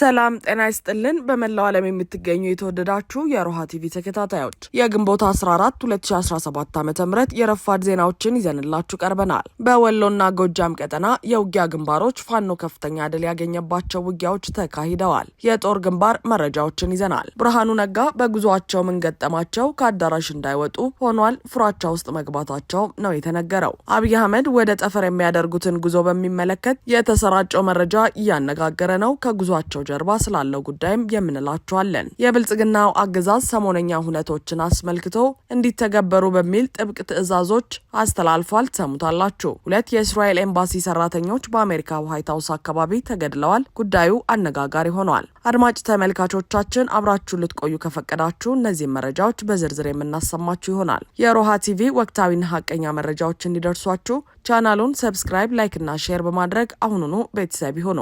ሰላም ጤና ይስጥልን። በመላው ዓለም የምትገኙ የተወደዳችሁ የሮሃ ቲቪ ተከታታዮች የግንቦት 14 2017 ዓ ም የረፋድ ዜናዎችን ይዘንላችሁ ቀርበናል። በወሎና ጎጃም ቀጠና የውጊያ ግንባሮች ፋኖ ከፍተኛ ድል ያገኘባቸው ውጊያዎች ተካሂደዋል። የጦር ግንባር መረጃዎችን ይዘናል። ብርሃኑ ነጋ በጉዞአቸው ምን ገጠማቸው፣ ከአዳራሽ እንዳይወጡ ሆኗል፣ ፍራቻ ውስጥ መግባታቸው ነው የተነገረው። አብይ አህመድ ወደ ጠፈር የሚያደርጉትን ጉዞ በሚመለከት የተሰራጨው መረጃ እያነጋገረ ነው። ከጉዟቸው ጀርባ ስላለው ጉዳይም የምንላችኋለን። የብልጽግናው አገዛዝ ሰሞነኛ ሁነቶችን አስመልክቶ እንዲተገበሩ በሚል ጥብቅ ትዕዛዞች አስተላልፏል። ትሰሙታላችሁ። ሁለት የእስራኤል ኤምባሲ ሰራተኞች በአሜሪካ ዋይት ሀውስ አካባቢ ተገድለዋል። ጉዳዩ አነጋጋሪ ሆኗል። አድማጭ ተመልካቾቻችን አብራችሁ ልትቆዩ ከፈቀዳችሁ እነዚህን መረጃዎች በዝርዝር የምናሰማችሁ ይሆናል። የሮሃ ቲቪ ወቅታዊና ሀቀኛ መረጃዎች እንዲደርሷችሁ ቻናሉን ሰብስክራይብ፣ ላይክና ሼር በማድረግ አሁኑኑ ቤተሰብ ይሁኑ።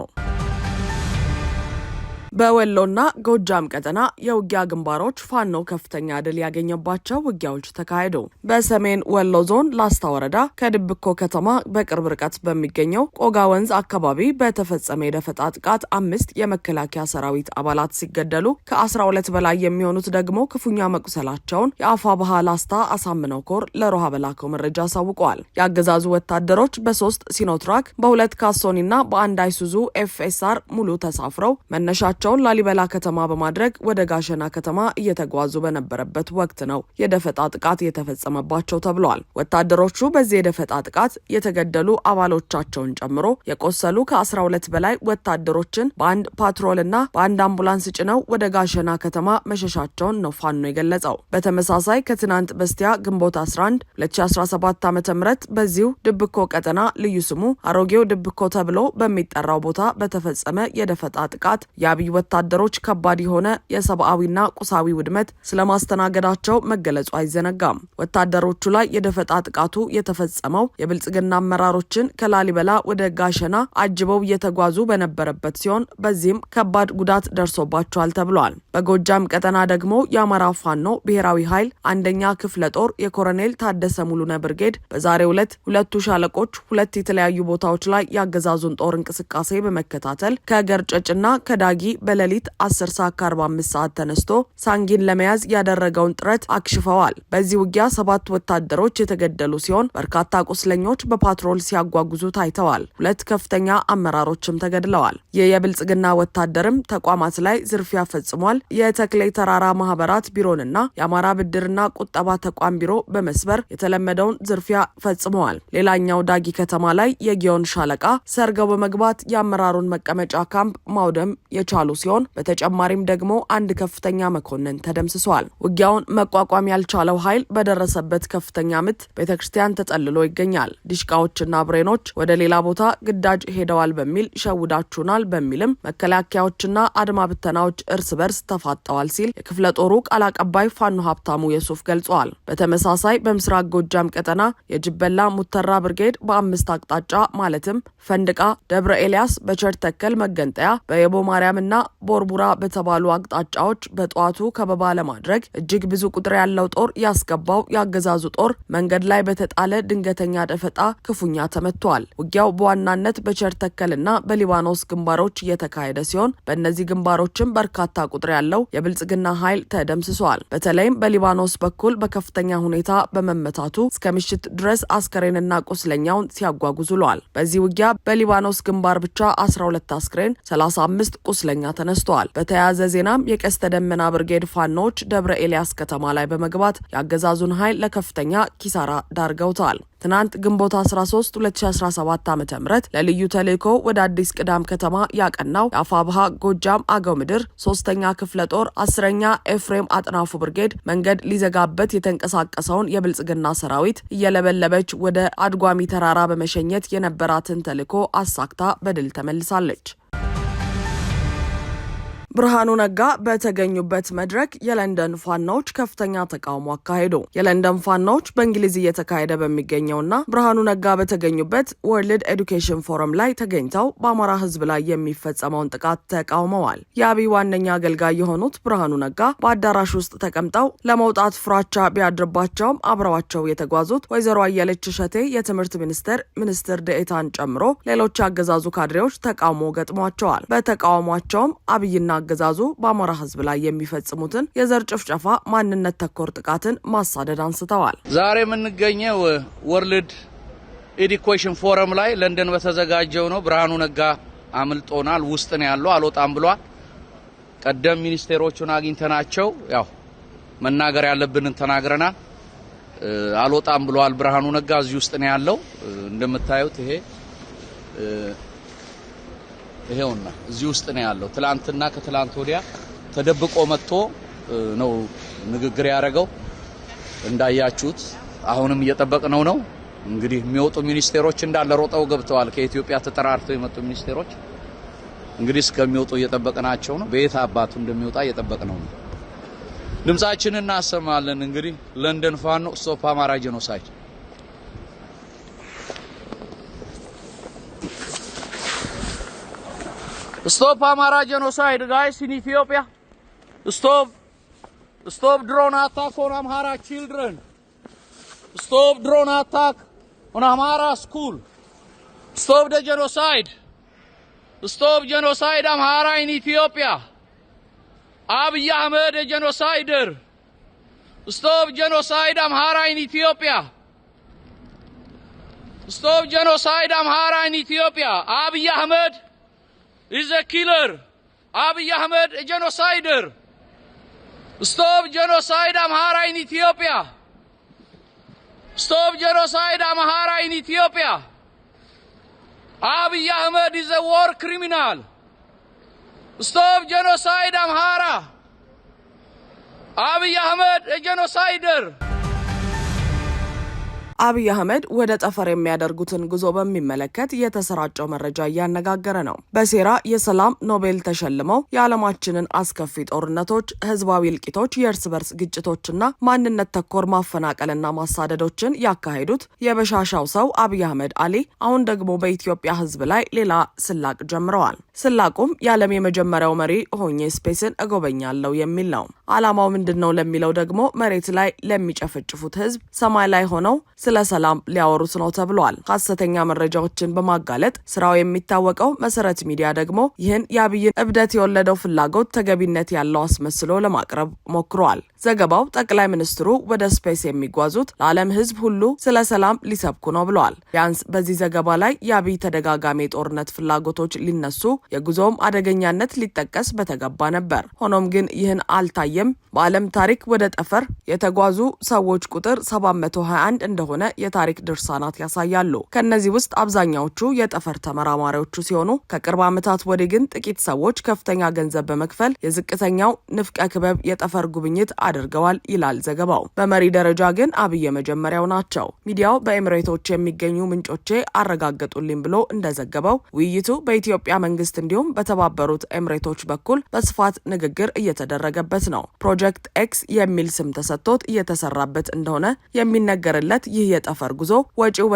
በወሎና ጎጃም ቀጠና የውጊያ ግንባሮች ፋኖ ከፍተኛ ድል ያገኘባቸው ውጊያዎች ተካሄዱ። በሰሜን ወሎ ዞን ላስታ ወረዳ ከድብኮ ከተማ በቅርብ ርቀት በሚገኘው ቆጋ ወንዝ አካባቢ በተፈጸመ የደፈጣ ጥቃት አምስት የመከላከያ ሰራዊት አባላት ሲገደሉ ከ12 በላይ የሚሆኑት ደግሞ ክፉኛ መቁሰላቸውን የአፋ ባህ ላስታ አሳምነው ኮር ለሮሃ በላከው መረጃ አሳውቀዋል። የአገዛዙ ወታደሮች በሶስት ሲኖትራክ በሁለት ካሶኒና በአንድ አይሱዙ ኤፍኤስአር ሙሉ ተሳፍረው መነሻቸው ጉዟቸውን ላሊበላ ከተማ በማድረግ ወደ ጋሸና ከተማ እየተጓዙ በነበረበት ወቅት ነው የደፈጣ ጥቃት የተፈጸመባቸው ተብሏል። ወታደሮቹ በዚህ የደፈጣ ጥቃት የተገደሉ አባሎቻቸውን ጨምሮ የቆሰሉ ከ12 በላይ ወታደሮችን በአንድ ፓትሮልና በአንድ አምቡላንስ ጭነው ወደ ጋሸና ከተማ መሸሻቸውን ነው ፋኖ የገለጸው። በተመሳሳይ ከትናንት በስቲያ ግንቦት 11 2017 ዓ ም በዚሁ ድብኮ ቀጠና ልዩ ስሙ አሮጌው ድብኮ ተብሎ በሚጠራው ቦታ በተፈጸመ የደፈጣ ጥቃት የአብይ ወታደሮች ከባድ የሆነ የሰብአዊና ቁሳዊ ውድመት ስለማስተናገዳቸው መገለጹ አይዘነጋም። ወታደሮቹ ላይ የደፈጣ ጥቃቱ የተፈጸመው የብልጽግና አመራሮችን ከላሊበላ ወደ ጋሸና አጅበው እየተጓዙ በነበረበት ሲሆን በዚህም ከባድ ጉዳት ደርሶባቸዋል ተብሏል። በጎጃም ቀጠና ደግሞ የአማራ ፋኖ ብሔራዊ ኃይል አንደኛ ክፍለ ጦር የኮሎኔል ታደሰ ሙሉነ ብርጌድ በዛሬው ዕለት ሁለቱ ሻለቆች ሁለት የተለያዩ ቦታዎች ላይ ያገዛዙን ጦር እንቅስቃሴ በመከታተል ከገርጨጭና ከዳጊ በሌሊት 10 ሰዓት ከ45 ሰዓት ተነስቶ ሳንጊን ለመያዝ ያደረገውን ጥረት አክሽፈዋል። በዚህ ውጊያ ሰባት ወታደሮች የተገደሉ ሲሆን በርካታ ቁስለኞች በፓትሮል ሲያጓጉዙ ታይተዋል። ሁለት ከፍተኛ አመራሮችም ተገድለዋል። ይህ የብልጽግና ወታደርም ተቋማት ላይ ዝርፊያ ፈጽሟል። የተክሌ ተራራ ማህበራት ቢሮንና የአማራ ብድርና ቁጠባ ተቋም ቢሮ በመስበር የተለመደውን ዝርፊያ ፈጽመዋል። ሌላኛው ዳጊ ከተማ ላይ የጊዮን ሻለቃ ሰርገው በመግባት የአመራሩን መቀመጫ ካምፕ ማውደም የቻሉ የተባሉ ሲሆን በተጨማሪም ደግሞ አንድ ከፍተኛ መኮንን ተደምስሷል። ውጊያውን መቋቋም ያልቻለው ኃይል በደረሰበት ከፍተኛ ምት ቤተ ክርስቲያን ተጠልሎ ይገኛል። ዲሽቃዎችና ብሬኖች ወደ ሌላ ቦታ ግዳጅ ሄደዋል በሚል ሸውዳችሁናል በሚልም መከላከያዎችና አድማ ብተናዎች እርስ በርስ ተፋጠዋል ሲል የክፍለ ጦሩ ቃል አቀባይ ፋኖ ሀብታሙ የሱፍ ገልጿል። በተመሳሳይ በምስራቅ ጎጃም ቀጠና የጅበላ ሙተራ ብርጌድ በአምስት አቅጣጫ ማለትም ፈንድቃ፣ ደብረ ኤልያስ፣ በቸርተከል ተከል መገንጠያ፣ በየቦ ማርያምና ቦርቡራ በተባሉ አቅጣጫዎች በጠዋቱ ከበባ ለማድረግ እጅግ ብዙ ቁጥር ያለው ጦር ያስገባው የአገዛዙ ጦር መንገድ ላይ በተጣለ ድንገተኛ ደፈጣ ክፉኛ ተመቷል። ውጊያው በዋናነት ና በሊባኖስ ግንባሮች እየተካሄደ ሲሆን በእነዚህ ግንባሮችም በርካታ ቁጥር ያለው የብልጽግና ኃይል ተደምስሷል። በተለይም በሊባኖስ በኩል በከፍተኛ ሁኔታ በመመታቱ እስከ ምሽት ድረስ አስከሬንና ቁስለኛውን ሲያጓጉዝ ውሏል። በዚህ ውጊያ በሊባኖስ ግንባር ብቻ 12 አስክሬን፣ 35 ቁስለኛ ተነስተዋል። በተያያዘ ዜናም የቀስተ ደመና ብርጌድ ፋኖዎች ደብረ ኤልያስ ከተማ ላይ በመግባት የአገዛዙን ኃይል ለከፍተኛ ኪሳራ ዳርገውታል። ትናንት ግንቦት 13 2017 ዓ ም ለልዩ ተልእኮ ወደ አዲስ ቅዳም ከተማ ያቀናው የአፋብሃ ጎጃም አገው ምድር ሶስተኛ ክፍለ ጦር አስረኛ ኤፍሬም አጥናፉ ብርጌድ መንገድ ሊዘጋበት የተንቀሳቀሰውን የብልጽግና ሰራዊት እየለበለበች ወደ አድጓሚ ተራራ በመሸኘት የነበራትን ተልእኮ አሳክታ በድል ተመልሳለች። ብርሃኑ ነጋ በተገኙበት መድረክ የለንደን ፋናዎች ከፍተኛ ተቃውሞ አካሄዱ። የለንደን ፋናዎች በእንግሊዝ እየተካሄደ በሚገኘውና ብርሃኑ ነጋ በተገኙበት ወርልድ ኤዱኬሽን ፎረም ላይ ተገኝተው በአማራ ሕዝብ ላይ የሚፈጸመውን ጥቃት ተቃውመዋል። የአብይ ዋነኛ አገልጋይ የሆኑት ብርሃኑ ነጋ በአዳራሽ ውስጥ ተቀምጠው ለመውጣት ፍራቻ ቢያድርባቸውም አብረዋቸው የተጓዙት ወይዘሮ አየለች እሸቴ የትምህርት ሚኒስቴር ሚኒስትር ደኤታን ጨምሮ ሌሎች አገዛዙ ካድሬዎች ተቃውሞ ገጥሟቸዋል። በተቃውሟቸውም አብይና አገዛዙ በአማራ ህዝብ ላይ የሚፈጽሙትን የዘር ጭፍጨፋ፣ ማንነት ተኮር ጥቃትን ማሳደድ አንስተዋል። ዛሬ የምንገኘው ወርልድ ኢዲኮሽን ፎረም ላይ ለንደን በተዘጋጀው ነው። ብርሃኑ ነጋ አምልጦናል፣ ውስጥ ነው ያለው፣ አልወጣም ብሏል። ቀደም ሚኒስቴሮቹን አግኝተናቸው ያው መናገር ያለብንን ተናግረናል። አልወጣም ብለዋል። ብርሃኑ ነጋ እዚህ ውስጥ ነው ያለው። እንደምታዩት ይሄ ይሄውና እዚህ ውስጥ ነው ያለው። ትላንትና ከትላንት ወዲያ ተደብቆ መጥቶ ነው ንግግር ያደረገው እንዳያችሁት። አሁንም እየጠበቅነው ነው እንግዲህ የሚወጡ ሚኒስቴሮች እንዳለ ሮጠው ገብተዋል። ከኢትዮጵያ ተጠራርተው የመጡ ሚኒስቴሮች እንግዲህ እስከሚወጡ ናቸው ነው። በየት አባቱ እንደሚወጣ እየጠበቅነው ነው። ድምጻችንን እናሰማለን። እንግዲህ ለንደን ፋኖ ስቶፕ አማራ ጄኖሳይድ Stop Amara genocide, guys, in Ethiopia. Stop. Stop drone attack on Amhara children. Stop drone attack on Amhara school. Stop the genocide. Stop genocide Amhara in Ethiopia. Abiy Ahmed a genocider. Stop genocide Amhara in Ethiopia. Stop genocide Amhara in Ethiopia. Abiy Ahmed He's a killer. Abiy Ahmed, a genocider. Stop genocide Amhara in Ethiopia. Stop genocide Amhara in Ethiopia. Abiy Ahmed is a war criminal. Stop genocide Amhara. Abiy Ahmed, a genocider. አብይ አህመድ ወደ ጠፈር የሚያደርጉትን ጉዞ በሚመለከት የተሰራጨው መረጃ እያነጋገረ ነው። በሴራ የሰላም ኖቤል ተሸልመው የዓለማችንን አስከፊ ጦርነቶች፣ ህዝባዊ እልቂቶች፣ የእርስ በርስ ግጭቶችና ማንነት ተኮር ማፈናቀልና ማሳደዶችን ያካሄዱት የበሻሻው ሰው አብይ አህመድ አሊ አሁን ደግሞ በኢትዮጵያ ህዝብ ላይ ሌላ ስላቅ ጀምረዋል። ስላቁም የዓለም የመጀመሪያው መሪ ሆኜ ስፔስን እጎበኛለሁ የሚል ነው። ዓላማው ምንድን ነው ለሚለው ደግሞ መሬት ላይ ለሚጨፈጭፉት ህዝብ ሰማይ ላይ ሆነው ስለ ሰላም ሊያወሩት ነው ተብሏል። ሀሰተኛ መረጃዎችን በማጋለጥ ስራው የሚታወቀው መሰረት ሚዲያ ደግሞ ይህን የአብይን እብደት የወለደው ፍላጎት ተገቢነት ያለው አስመስሎ ለማቅረብ ሞክሯል። ዘገባው ጠቅላይ ሚኒስትሩ ወደ ስፔስ የሚጓዙት ለዓለም ሕዝብ ሁሉ ስለ ሰላም ሊሰብኩ ነው ብለዋል። ቢያንስ በዚህ ዘገባ ላይ የአብይ ተደጋጋሚ የጦርነት ፍላጎቶች ሊነሱ የጉዞውም አደገኛነት ሊጠቀስ በተገባ ነበር። ሆኖም ግን ይህን አልታየም። በዓለም ታሪክ ወደ ጠፈር የተጓዙ ሰዎች ቁጥር 721 እንደሆነ የታሪክ ድርሳናት ያሳያሉ። ከእነዚህ ውስጥ አብዛኛዎቹ የጠፈር ተመራማሪዎቹ ሲሆኑ ከቅርብ ዓመታት ወዲህ ግን ጥቂት ሰዎች ከፍተኛ ገንዘብ በመክፈል የዝቅተኛው ንፍቀ ክበብ የጠፈር ጉብኝት አድርገዋል ይላል ዘገባው። በመሪ ደረጃ ግን አብይ የመጀመሪያው ናቸው። ሚዲያው በኤምሬቶች የሚገኙ ምንጮቼ አረጋገጡልኝ ብሎ እንደዘገበው ውይይቱ በኢትዮጵያ መንግስት እንዲሁም በተባበሩት ኤምሬቶች በኩል በስፋት ንግግር እየተደረገበት ነው። ፕሮጀክት ኤክስ የሚል ስም ተሰጥቶት እየተሰራበት እንደሆነ የሚነገርለት ይህ የጠፈር ጉዞ ወጪው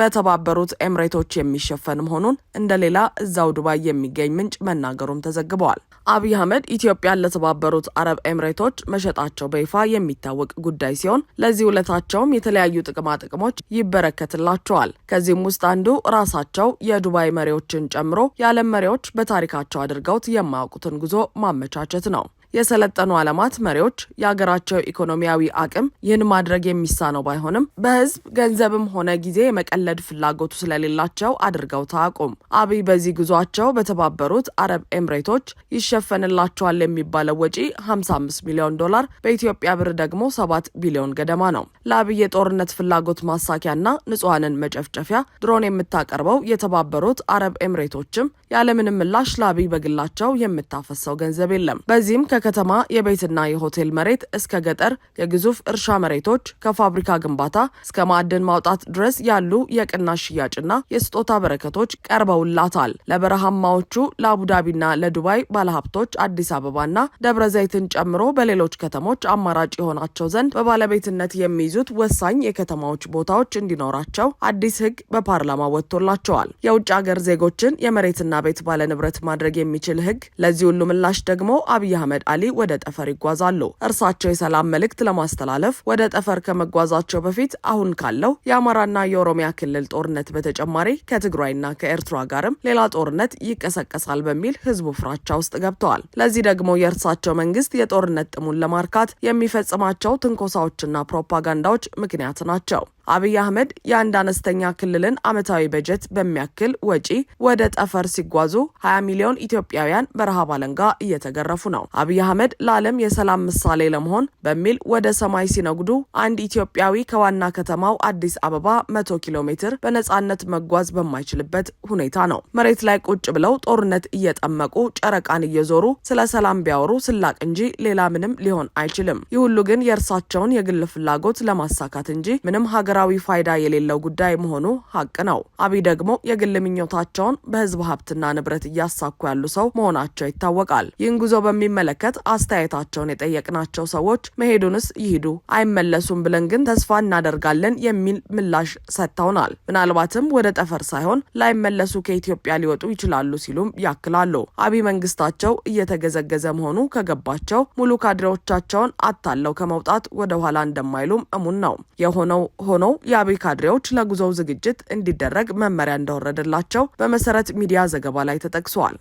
በተባበሩት ኤምሬቶች የሚሸፈን መሆኑን እንደሌላ እዛው ዱባይ የሚገኝ ምንጭ መናገሩም ተዘግበዋል። አብይ አህመድ ኢትዮጵያን ለተባበሩት አረብ ኤምሬቶች መሬቶች መሸጣቸው በይፋ የሚታወቅ ጉዳይ ሲሆን ለዚህ ውለታቸውም የተለያዩ ጥቅማ ጥቅሞች ይበረከትላቸዋል። ከዚህም ውስጥ አንዱ ራሳቸው የዱባይ መሪዎችን ጨምሮ የዓለም መሪዎች በታሪካቸው አድርገውት የማያውቁትን ጉዞ ማመቻቸት ነው። የሰለጠኑ ዓለማት መሪዎች የአገራቸው ኢኮኖሚያዊ አቅም ይህን ማድረግ የሚሳነው ባይሆንም በህዝብ ገንዘብም ሆነ ጊዜ የመቀለድ ፍላጎቱ ስለሌላቸው አድርገው ታቁም። አብይ በዚህ ጉዟቸው በተባበሩት አረብ ኤምሬቶች ይሸፈንላቸዋል የሚባለው ወጪ 55 ሚሊዮን ዶላር በኢትዮጵያ ብር ደግሞ 7 ቢሊዮን ገደማ ነው። ለአብይ የጦርነት ፍላጎት ማሳኪያና ንጹሐንን መጨፍጨፊያ ድሮን የምታቀርበው የተባበሩት አረብ ኤምሬቶችም ያለምንም ምላሽ ላቢ በግላቸው የምታፈሰው ገንዘብ የለም። በዚህም ከከተማ የቤትና የሆቴል መሬት እስከ ገጠር የግዙፍ እርሻ መሬቶች ከፋብሪካ ግንባታ እስከ ማዕድን ማውጣት ድረስ ያሉ የቅናሽ ሽያጭና የስጦታ በረከቶች ቀርበውላታል። ለበረሃማዎቹ ለአቡዳቢና ለዱባይ ባለሀብቶች አዲስ አበባና ደብረ ዘይትን ጨምሮ በሌሎች ከተሞች አማራጭ የሆናቸው ዘንድ በባለቤትነት የሚይዙት ወሳኝ የከተማዎች ቦታዎች እንዲኖራቸው አዲስ ሕግ በፓርላማ ወጥቶላቸዋል። የውጭ ሀገር ዜጎችን የመሬትና ቤት ባለንብረት ማድረግ የሚችል ህግ። ለዚህ ሁሉ ምላሽ ደግሞ አብይ አህመድ አሊ ወደ ጠፈር ይጓዛሉ። እርሳቸው የሰላም መልእክት ለማስተላለፍ ወደ ጠፈር ከመጓዛቸው በፊት አሁን ካለው የአማራና የኦሮሚያ ክልል ጦርነት በተጨማሪ ከትግራይና ከኤርትራ ጋርም ሌላ ጦርነት ይቀሰቀሳል በሚል ህዝቡ ፍራቻ ውስጥ ገብተዋል። ለዚህ ደግሞ የእርሳቸው መንግስት የጦርነት ጥሙን ለማርካት የሚፈጽማቸው ትንኮሳዎችና ፕሮፓጋንዳዎች ምክንያት ናቸው። አብይ አህመድ የአንድ አነስተኛ ክልልን ዓመታዊ በጀት በሚያክል ወጪ ወደ ጠፈር ሲጓዙ 20 ሚሊዮን ኢትዮጵያውያን በረሃብ አለንጋ እየተገረፉ ነው። አብይ አህመድ ለዓለም የሰላም ምሳሌ ለመሆን በሚል ወደ ሰማይ ሲነጉዱ አንድ ኢትዮጵያዊ ከዋና ከተማው አዲስ አበባ 100 ኪሎ ሜትር በነጻነት መጓዝ በማይችልበት ሁኔታ ነው። መሬት ላይ ቁጭ ብለው ጦርነት እየጠመቁ ጨረቃን እየዞሩ ስለ ሰላም ቢያወሩ ስላቅ እንጂ ሌላ ምንም ሊሆን አይችልም። ይህ ሁሉ ግን የእርሳቸውን የግል ፍላጎት ለማሳካት እንጂ ምንም ሀገር ሀገራዊ ፋይዳ የሌለው ጉዳይ መሆኑ ሀቅ ነው። አብይ ደግሞ የግል ምኞታቸውን በህዝብ ሀብትና ንብረት እያሳኩ ያሉ ሰው መሆናቸው ይታወቃል። ይህን ጉዞ በሚመለከት አስተያየታቸውን የጠየቅናቸው ሰዎች መሄዱንስ ይሂዱ አይመለሱም ብለን ግን ተስፋ እናደርጋለን የሚል ምላሽ ሰጥተውናል። ምናልባትም ወደ ጠፈር ሳይሆን ላይመለሱ ከኢትዮጵያ ሊወጡ ይችላሉ ሲሉም ያክላሉ። አብይ መንግስታቸው እየተገዘገዘ መሆኑ ከገባቸው ሙሉ ካድሬዎቻቸውን አታለው ከመውጣት ወደ ኋላ እንደማይሉም እሙን ነው። የሆነው ሆኖ ሆነው የአብይ ካድሬዎች ለጉዞው ዝግጅት እንዲደረግ መመሪያ እንደወረደላቸው በመሰረት ሚዲያ ዘገባ ላይ ተጠቅሰዋል።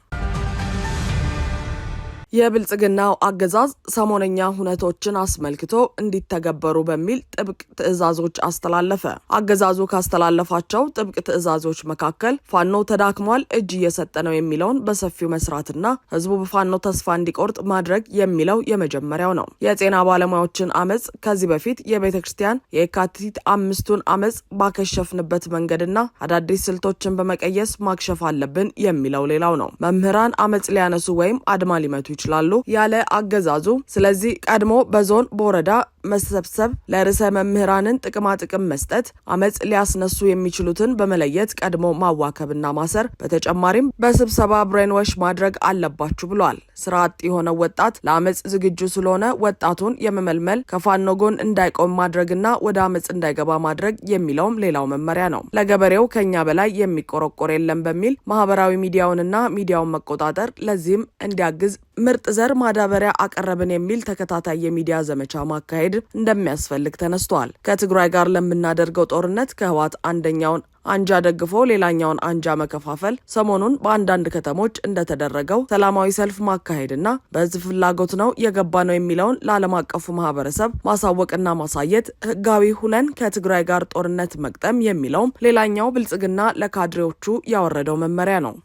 የብልጽግናው አገዛዝ ሰሞነኛ ሁነቶችን አስመልክቶ እንዲተገበሩ በሚል ጥብቅ ትዕዛዞች አስተላለፈ። አገዛዙ ካስተላለፋቸው ጥብቅ ትዕዛዞች መካከል ፋኖ ተዳክሟል፣ እጅ እየሰጠ ነው የሚለውን በሰፊው መስራትና ህዝቡ በፋኖ ተስፋ እንዲቆርጥ ማድረግ የሚለው የመጀመሪያው ነው። የጤና ባለሙያዎችን አመፅ ከዚህ በፊት የቤተ ክርስቲያን የካቲት አምስቱን አመፅ ባከሸፍንበት መንገድና አዳዲስ ስልቶችን በመቀየስ ማክሸፍ አለብን የሚለው ሌላው ነው። መምህራን አመፅ ሊያነሱ ወይም አድማ ሊመቱ ይችላሉ ያለ አገዛዙ። ስለዚህ ቀድሞ በዞን በወረዳ መሰብሰብ፣ ለርዕሰ መምህራንን ጥቅማጥቅም መስጠት፣ አመፅ ሊያስነሱ የሚችሉትን በመለየት ቀድሞ ማዋከብና ማሰር፣ በተጨማሪም በስብሰባ ብሬንወሽ ማድረግ አለባችሁ ብሏል። ስራ አጥ የሆነው ወጣት ለአመፅ ዝግጁ ስለሆነ ወጣቱን የመመልመል ከፋኖ ጎን እንዳይቆም ማድረግና ወደ አመፅ እንዳይገባ ማድረግ የሚለውም ሌላው መመሪያ ነው። ለገበሬው ከኛ በላይ የሚቆረቆር የለም በሚል ማህበራዊ ሚዲያውንና ሚዲያውን መቆጣጠር ለዚህም እንዲያግዝ ምርጥ ዘር ማዳበሪያ አቀረብን የሚል ተከታታይ የሚዲያ ዘመቻ ማካሄድ ማካሄድ እንደሚያስፈልግ ተነስቷል። ከትግራይ ጋር ለምናደርገው ጦርነት ከህወሓት አንደኛውን አንጃ ደግፎ ሌላኛውን አንጃ መከፋፈል ሰሞኑን በአንዳንድ ከተሞች እንደተደረገው ሰላማዊ ሰልፍ ማካሄድና በህዝብ ፍላጎት ነው የገባ ነው የሚለውን ለዓለም አቀፉ ማህበረሰብ ማሳወቅና ማሳየት ህጋዊ ሁነን ከትግራይ ጋር ጦርነት መቅጠም የሚለውም ሌላኛው ብልጽግና ለካድሬዎቹ ያወረደው መመሪያ ነው።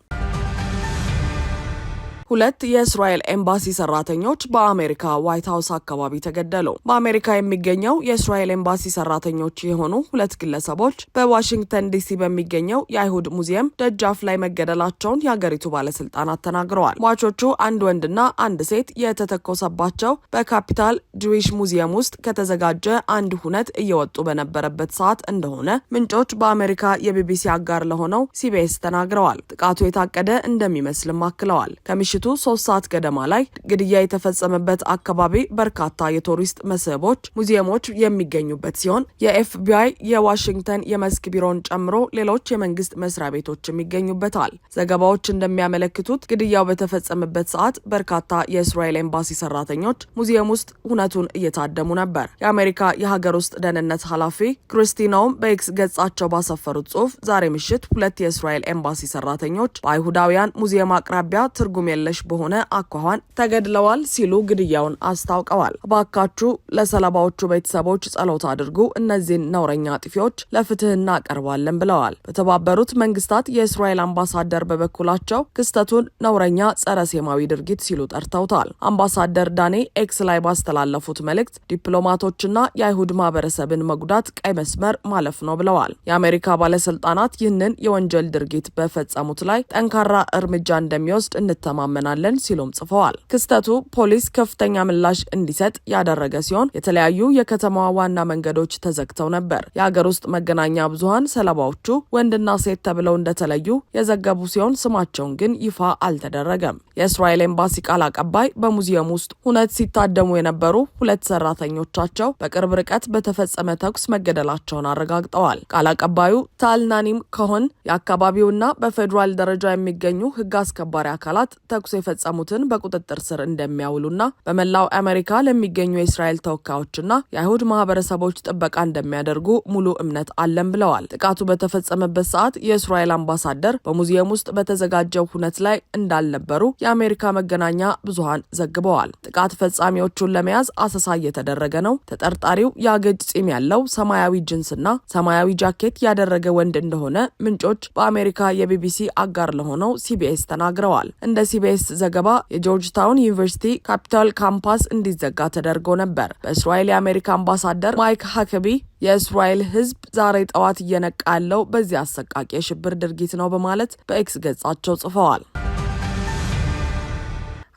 ሁለት የእስራኤል ኤምባሲ ሰራተኞች በአሜሪካ ዋይት ሀውስ አካባቢ ተገደሉ። በአሜሪካ የሚገኘው የእስራኤል ኤምባሲ ሰራተኞች የሆኑ ሁለት ግለሰቦች በዋሽንግተን ዲሲ በሚገኘው የአይሁድ ሙዚየም ደጃፍ ላይ መገደላቸውን የአገሪቱ ባለስልጣናት ተናግረዋል። ሟቾቹ አንድ ወንድና አንድ ሴት የተተኮሰባቸው በካፒታል ጁዊሽ ሙዚየም ውስጥ ከተዘጋጀ አንድ ሁነት እየወጡ በነበረበት ሰዓት እንደሆነ ምንጮች በአሜሪካ የቢቢሲ አጋር ለሆነው ሲቢኤስ ተናግረዋል። ጥቃቱ የታቀደ እንደሚመስልም አክለዋል። ከምሽቱ ከምሽቱ ሶስት ሰዓት ገደማ ላይ ግድያ የተፈጸመበት አካባቢ በርካታ የቱሪስት መስህቦች፣ ሙዚየሞች የሚገኙበት ሲሆን የኤፍቢአይ የዋሽንግተን የመስክ ቢሮን ጨምሮ ሌሎች የመንግስት መስሪያ ቤቶችም ይገኙበታል። ዘገባዎች እንደሚያመለክቱት ግድያው በተፈጸመበት ሰዓት በርካታ የእስራኤል ኤምባሲ ሰራተኞች ሙዚየም ውስጥ ሁነቱን እየታደሙ ነበር። የአሜሪካ የሀገር ውስጥ ደህንነት ኃላፊ ክሪስቲናውም በኤክስ ገጻቸው ባሰፈሩት ጽሁፍ ዛሬ ምሽት ሁለት የእስራኤል ኤምባሲ ሰራተኞች በአይሁዳውያን ሙዚየም አቅራቢያ ትርጉም የለ የለሽ በሆነ አኳኋን ተገድለዋል ሲሉ ግድያውን አስታውቀዋል። እባካችሁ ለሰለባዎቹ ቤተሰቦች ጸሎት አድርጉ፣ እነዚህን ነውረኛ አጥፊዎች ለፍትህ እናቀርባለን ብለዋል። በተባበሩት መንግስታት የእስራኤል አምባሳደር በበኩላቸው ክስተቱን ነውረኛ ጸረ ሴማዊ ድርጊት ሲሉ ጠርተውታል። አምባሳደር ዳኔ ኤክስ ላይ ባስተላለፉት መልእክት ዲፕሎማቶችና የአይሁድ ማህበረሰብን መጉዳት ቀይ መስመር ማለፍ ነው ብለዋል። የአሜሪካ ባለስልጣናት ይህንን የወንጀል ድርጊት በፈጸሙት ላይ ጠንካራ እርምጃ እንደሚወስድ እንተማመ እንለምናለን ሲሉም ጽፈዋል። ክስተቱ ፖሊስ ከፍተኛ ምላሽ እንዲሰጥ ያደረገ ሲሆን የተለያዩ የከተማዋ ዋና መንገዶች ተዘግተው ነበር። የአገር ውስጥ መገናኛ ብዙኃን ሰለባዎቹ ወንድና ሴት ተብለው እንደተለዩ የዘገቡ ሲሆን ስማቸውን ግን ይፋ አልተደረገም። የእስራኤል ኤምባሲ ቃል አቀባይ በሙዚየም ውስጥ ሁነት ሲታደሙ የነበሩ ሁለት ሰራተኞቻቸው በቅርብ ርቀት በተፈጸመ ተኩስ መገደላቸውን አረጋግጠዋል። ቃል አቀባዩ ታልናኒም ከሆን የአካባቢውና በፌዴራል ደረጃ የሚገኙ ህግ አስከባሪ አካላት ተኩስ ተኩስ የፈጸሙትን በቁጥጥር ስር እንደሚያውሉና በመላው አሜሪካ ለሚገኙ የእስራኤል ተወካዮችና የአይሁድ ማህበረሰቦች ጥበቃ እንደሚያደርጉ ሙሉ እምነት አለን ብለዋል። ጥቃቱ በተፈጸመበት ሰዓት የእስራኤል አምባሳደር በሙዚየም ውስጥ በተዘጋጀው ሁነት ላይ እንዳልነበሩ የአሜሪካ መገናኛ ብዙሃን ዘግበዋል። ጥቃት ፈጻሚዎቹን ለመያዝ አሰሳ እየተደረገ ነው። ተጠርጣሪው የአገጭ ጺም ያለው ሰማያዊ ጅንስና ሰማያዊ ጃኬት ያደረገ ወንድ እንደሆነ ምንጮች በአሜሪካ የቢቢሲ አጋር ለሆነው ሲቢኤስ ተናግረዋል። እንደ ሲቢኤስ ፖስት ዘገባ የጆርጅ ታውን ዩኒቨርሲቲ ካፒታል ካምፓስ እንዲዘጋ ተደርጎ ነበር። በእስራኤል የአሜሪካ አምባሳደር ማይክ ሀከቢ የእስራኤል ሕዝብ ዛሬ ጠዋት እየነቃ ያለው በዚህ አሰቃቂ የሽብር ድርጊት ነው በማለት በኤክስ ገጻቸው ጽፈዋል።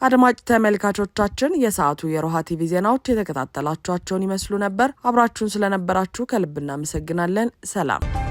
አድማጭ ተመልካቾቻችን የሰዓቱ የሮሃ ቲቪ ዜናዎች የተከታተላችኋቸውን ይመስሉ ነበር። አብራችሁን ስለነበራችሁ ከልብ እናመሰግናለን። ሰላም